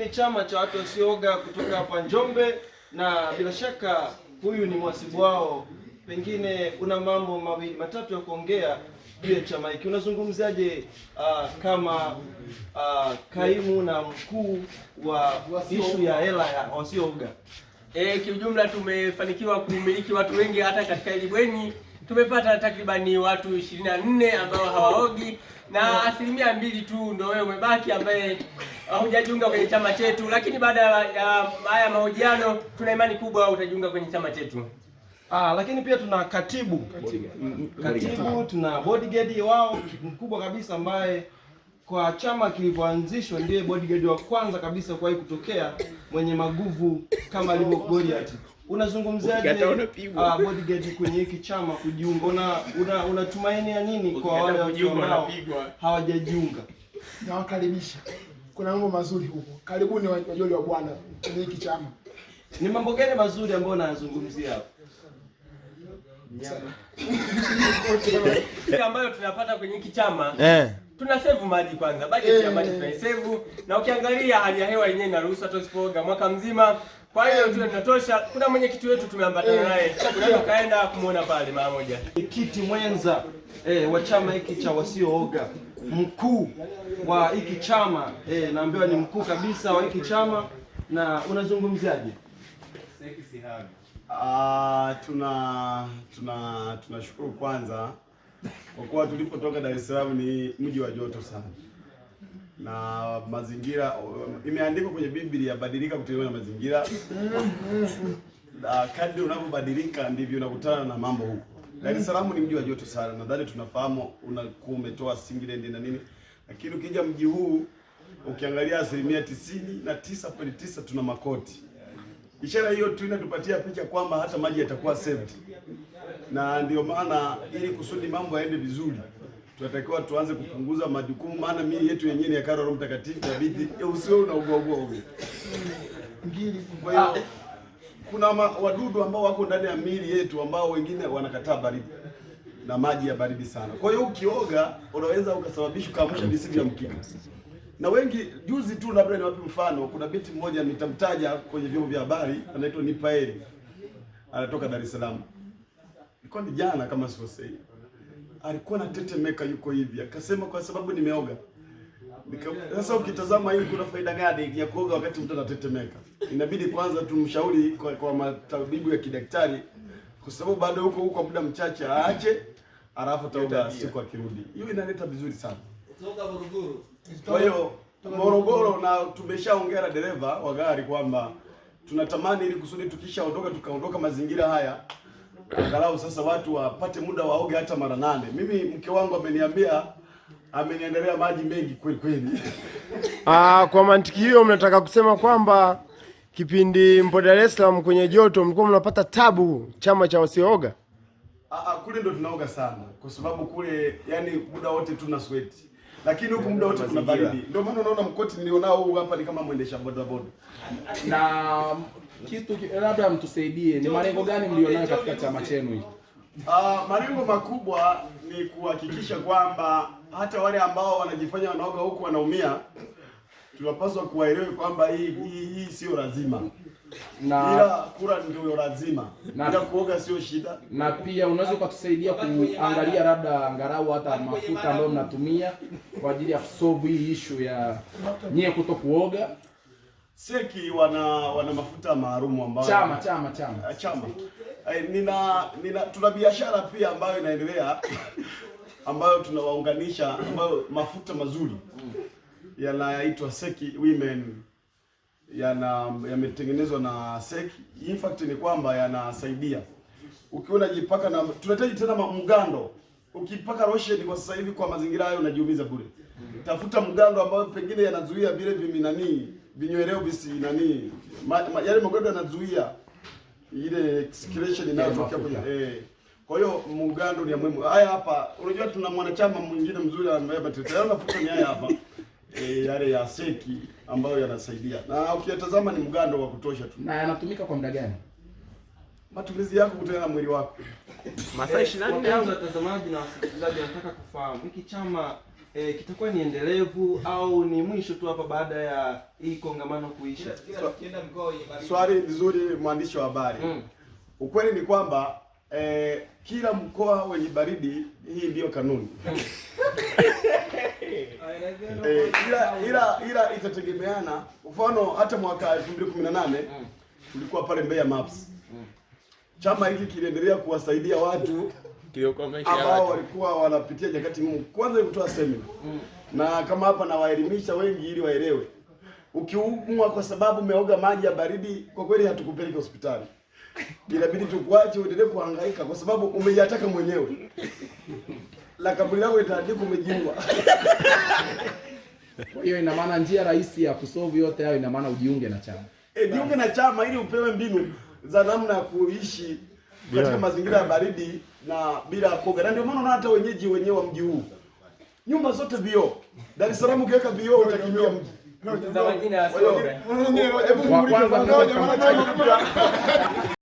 ni chama cha watu wasioga kutoka hapa Njombe, na bila shaka huyu ni mwasibu wao. Pengine una mambo mawili matatu ya kuongea juu ya chama hiki. Unazungumzaje uh, ah, kama uh, kaimu na mkuu wa ishu ya hela ya wasioga? E, kiujumla tumefanikiwa kumiliki watu wengi hata katika bweni tumepata takribani watu ishirini na nne ambao hawaogi na asilimia mbili tu ndio wewe umebaki ambaye hujajiunga kwenye chama chetu, lakini baada ya haya mahojiano tuna imani kubwa utajiunga kwenye chama chetu. Ah, lakini pia tuna katibu katibu, katibu tuna bodyguard wao mkubwa kabisa ambaye kwa chama kilivyoanzishwa ndiye bodyguard wa kwanza kabisa kuwahi kutokea mwenye maguvu kama alivyo Goliath unazungumzaje ah, bodyguard kwenye hiki chama kujiunga? Una, una, unatumaini ya nini kwa wale ambao hawajajiunga? Nawakaribisha, kuna mambo mazuri huko, karibuni wajoli wa bwana kwenye hiki chama. Ni mambo gani mazuri ambayo unayazungumzia hapo? ambayo tunapata kwenye hiki chama eh. Tuna save maji kwanza, budget ya maji eh. tunaisave, na ukiangalia hali ya hewa yenyewe inaruhusu hata usipooga mwaka mzima kwa hiyo tu tunatosha. Kuna mwenyekiti wetu tumeambatana eh. naye, unaweza kaenda kumuona pale mara moja. Mwenyekiti mwenza eh, wa chama hiki cha wasiooga, mkuu wa hiki chama eh, naambiwa ni mkuu kabisa wa hiki chama. Na unazungumziaje? Ah, tuna tuna tunashukuru kwanza kwa kuwa tulipotoka Dar es Salaam ni mji wa joto sana na mazingira imeandikwa kwenye Biblia, badilika kutegemea na mazingira. Na kadri unavyobadilika ndivyo unakutana na mambo huko. Dar es Salaam ni mji wa joto sana, nadhani tunafahamu, unakuwa umetoa Singland na nini, lakini ukija mji huu ukiangalia asilimia tisini na tisa point tisa tuna makoti. Ishara hiyo tu inatupatia picha kwamba hata maji yatakuwa safe, na ndio maana ili kusudi mambo yaende vizuri tunatakiwa tuanze kupunguza majukumu, maana mimi yetu yenyewe ni hekalu la Roho Mtakatifu. Tabidi usiwe unauguaugua ngiri. Kwa hiyo kuna ma, wadudu ambao wako ndani ya miili yetu ambao wengine wanakataa baridi na maji ya baridi sana. Kwa hiyo ukioga unaweza ukasababisha ukaamsha visivyoamkika. Na wengi juzi tu, labda niwape mfano, kuna binti mmoja nitamtaja kwenye vyombo vya habari, anaitwa Nipaeli, anatoka Dar es Salaam, ilikuwa ni jana kama sio sahihi alikuwa na yuko hivi akasema, kwa sababu nimeoga. Sasa ukitazama hii, kuna faida gani ya kuoga wakati mtu anatetemeka? Inabidi kwanza tumshauri kwa, kwa matabibu ya kidaktari, kwa sababu bado huko huko muda mchache aache, alafu ataoga siku akirudi. Hiyo inaleta vizuri sana. Kwa hiyo Morogoro, na tumeshaongea dereva wa gari kwamba tunatamani ili kusudi tukishaondoka tukaondoka mazingira haya angalau sasa watu wapate muda waoge hata mara nane. Mimi mke wangu ameniambia ameniendelea maji mengi kweli kweli. Ah, kwa mantiki hiyo mnataka kusema kwamba kipindi mpo Dar es Salaam kwenye joto mlikuwa mnapata tabu chama cha wasioga? Ah, ah, kule ndo tunaoga sana kwa sababu kule yani muda wote tuna sweat. Lakini huku muda wote kuna baridi. Ndio maana unaona mkoti nilionao huu hapa ni kama mwendesha bodaboda. Na kitu labda mtusaidie, ni malengo gani mlionayo katika chama chenu hiki? Uh, ah, malengo makubwa ni kuhakikisha kwamba hata wale ambao wanajifanya wanaoga huku wanaumia, tunapaswa kuwaelewe kwamba hii hii, hii sio lazima na ila kura ndio lazima na, ila kuoga sio shida. Na pia unaweza ukatusaidia kuangalia labda angalau hata mafuta ambayo mnatumia kwa ajili ya kusolve hii issue ya nyie kuto kuoga Seki wana wana mafuta maalumu ambayo chama chama chama eh, chama. Ay, eh, nina nina tuna biashara pia ambayo inaendelea ambayo tunawaunganisha ambayo mafuta mazuri yanaitwa Seki Women yana yametengenezwa na Seki. In fact ni kwamba yanasaidia ukiona jipaka na tunahitaji tena mgando. Ukipaka lotion kwa sasa hivi kwa mazingira hayo unajiumiza bure. Tafuta mgando ambayo pengine yanazuia vile viminanii vinyweleo visi nani ma, ma, yale magonjwa yanazuia ile excretion inayotokea kwenye eh. Kwa hiyo mugando ni muhimu. Haya hapa, unajua tuna mwanachama mwingine mzuri ambaye batitana nafuta ni haya hapa Eh, yale ya seki ambayo yanasaidia na ukiyatazama ni mgando wa kutosha tu. Na yanatumika kwa muda gani? Matumizi yako kutana na mwili wako masaa 24 eh, au watazamaji na wasikilizaji, nataka kufahamu hiki chama e, kitakuwa ni endelevu au ni mwisho tu hapa baada ya hii kongamano kuisha? Swali vizuri, mwandishi wa habari. Mm. Ukweli ni kwamba e, kila mkoa wenye baridi hii ndiyo kanuni. e, ila ila ila itategemeana. Mfano hata mwaka 2018 mm. tulikuwa pale Mbeya Maps. Hmm. Chama hiki kiliendelea kuwasaidia watu ambao walikuwa wanapitia nyakati ngumu, kwanza kutoa semina mm. na kama hapa nawaelimisha wengi ili waelewe, ukiumwa kwa sababu umeoga maji ya baridi, kwa kweli hatukupeleki hospitali, inabidi tukuache uendelee kuhangaika kwa sababu umejataka mwenyewe la kaburi lako itaandika umejiua. Kwa hiyo ina maana njia rahisi ya kusolve yote hayo, ina maana ujiunge na chama e, jiunge na chama ili upewe mbinu za namna ya kuishi katika yeah, mazingira ya baridi na bila koga, na ndio maana unaona hata wenyeji wenyewe wa mji huu nyumba zote vio Dar es Salaam ukiweka vioo utakimbia mji.